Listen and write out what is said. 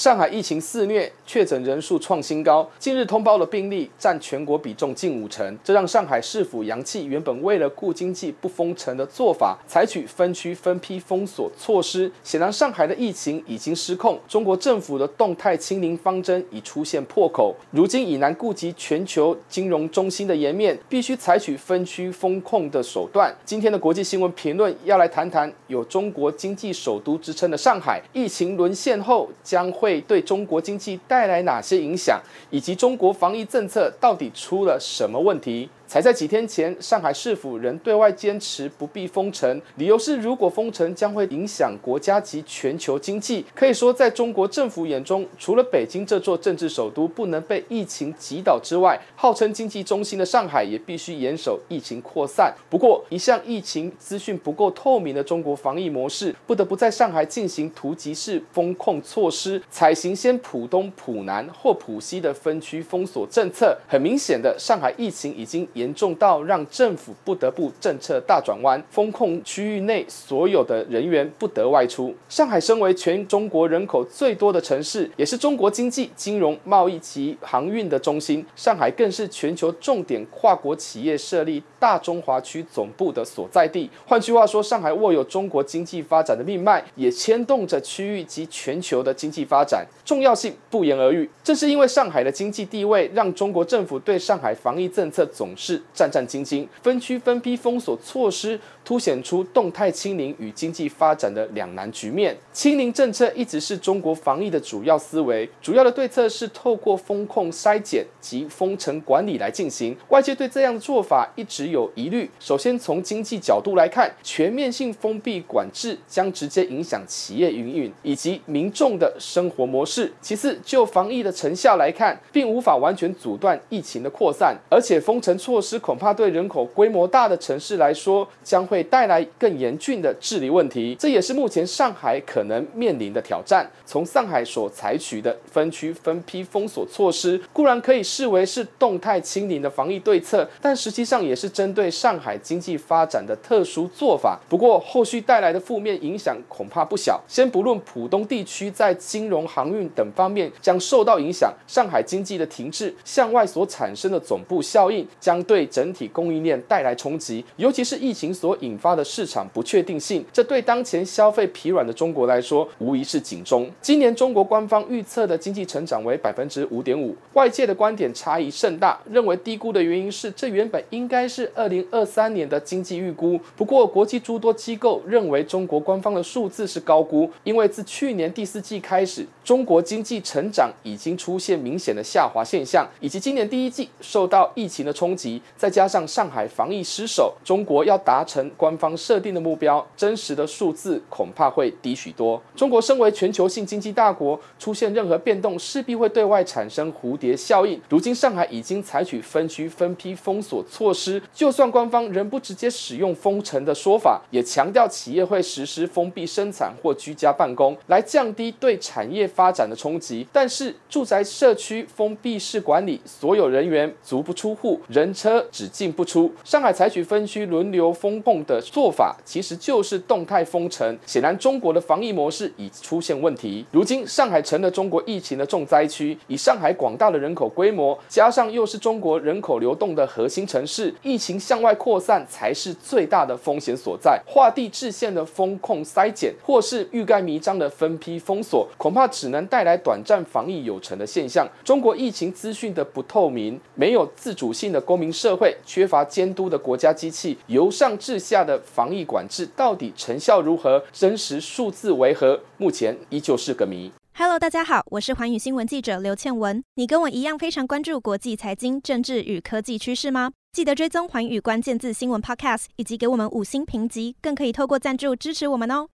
上海疫情肆虐，確診人數創新高。近日通報的病例佔全國比重近五成，這讓上海市府揚棄原本為了顧經濟不封城的做法，採取分區分批封鎖措施。顯然，上海的疫情已經失控。中國政府的動態清零方針已出現破口，如今已難顧及全球金融中心的顏面，必須採取分區封控的手段。今天的國際新聞評論要來談談，有中國經濟首都之稱的上海，疫情淪陷後將會。對中國經濟帶來哪些影響，以及中國防疫政策到底出了什麼問題？才在幾天前，上海市政府仍對外堅持不必封城，理由是如果封城將會影響國家及全球經濟。可以說，在中國政府眼中，除了北京這座政治首都不能被疫情擊倒之外，號稱經濟中心的上海也必須嚴守疫情擴散。不過，一向疫情資訊不夠透明的中國防疫模式，不得不在上海進行突擊式封控措施，採行先浦東、浦南或浦西的分區封鎖政策。很明顯的，上海疫情已經，嚴重到讓政府不得不政策大轉彎，封控區域內所有的人員不得外出。上海身為全中國人口最多的城市，也是中國經濟、金融、貿易及航運的中心。上海更是全球重點跨國企業設立大中華區總部的所在地。換句話說，上海握有中國經濟發展的命脈，也牽動着區域及全球的經濟發展，重要性不言而喻。正是因為上海的經濟地位，讓中國政府對上海防疫政策總是戰戰兢兢。分區分批封鎖措施，凸顯出動態清零與經濟發展的兩難局面。清零政策一直是中國防疫的主要思維，主要的對策是透過風控篩檢及封城管理來進行。外界對這樣的做法一直。有疑慮。首先，從經濟角度來看，全面性封閉管制將直接影響企業營運以及民眾的生活模式。其次，就防疫的成效來看，並無法完全阻斷疫情的擴散，而且封城措施恐怕對人口規模大的城市來說，將會帶來更嚴峻的治理問題。這也是目前上海可能面臨的挑戰。從上海所採取的分區分批封鎖措施，固然可以視為是動態清零的防疫對策，但實際上也是。針對上海經濟發展的特殊做法，不過後續帶來的負面影響恐怕不小。先不論浦東地區在金融、航運等方面將受到影響，上海經濟的停滯向外所產生的總部效應將對整體供應鏈帶來衝擊，尤其是疫情所引發的市場不確定性，這對當前消費疲軟的中國來說無疑是警鐘。今年中國官方預測的經濟成長為百分之五點五，外界的觀點差異甚大，認為低估的原因是這原本應該是。二零二三年的經濟預估，不過國際諸多機構認為中國官方的數字是高估，因為自去年第四季開始，中國經濟成長已經出現明顯的下滑現象，以及今年第一季受到疫情的衝擊，再加上上海防疫失守，中國要達成官方設定的目標，真實的數字恐怕會低許多。中國身為全球性經濟大國，出現任何變動勢必會對外產生蝴蝶效應。如今上海已經採取分區分批封鎖措施。就算官方仍不直接使用封城的說法，也強調企業會實施封閉生產或居家辦公，來降低對產業發展的衝擊。但是，住宅社區封閉式管理，所有人員足不出戶，人車只進不出。上海採取分區輪流封控的做法，其實就是動態封城。顯然，中國的防疫模式已出現問題。如今，上海成了中國疫情的重災區。以上海廣大的人口規模，加上又是中國人口流動的核心城市，疫情，向外擴散才是最大的風險所在。劃地制限的風控篩檢，或是欲蓋彌彰的分批封鎖，恐怕只能帶來短暫防疫有成的現象。中國疫情資訊的不透明，沒有自主性的公民社會，缺乏監督的國家機器，由上至下的防疫管制到底成效如何，真實數字為何？目前依舊是個謎。Hello，大家好，我是寰宇新聞記者劉倩文。你跟我一樣非常關注國際財經、政治與科技趨勢嗎？記得追蹤寰宇關鍵字新聞 Podcast，以及給我們五星評級，更可以透過贊助支持我們哦。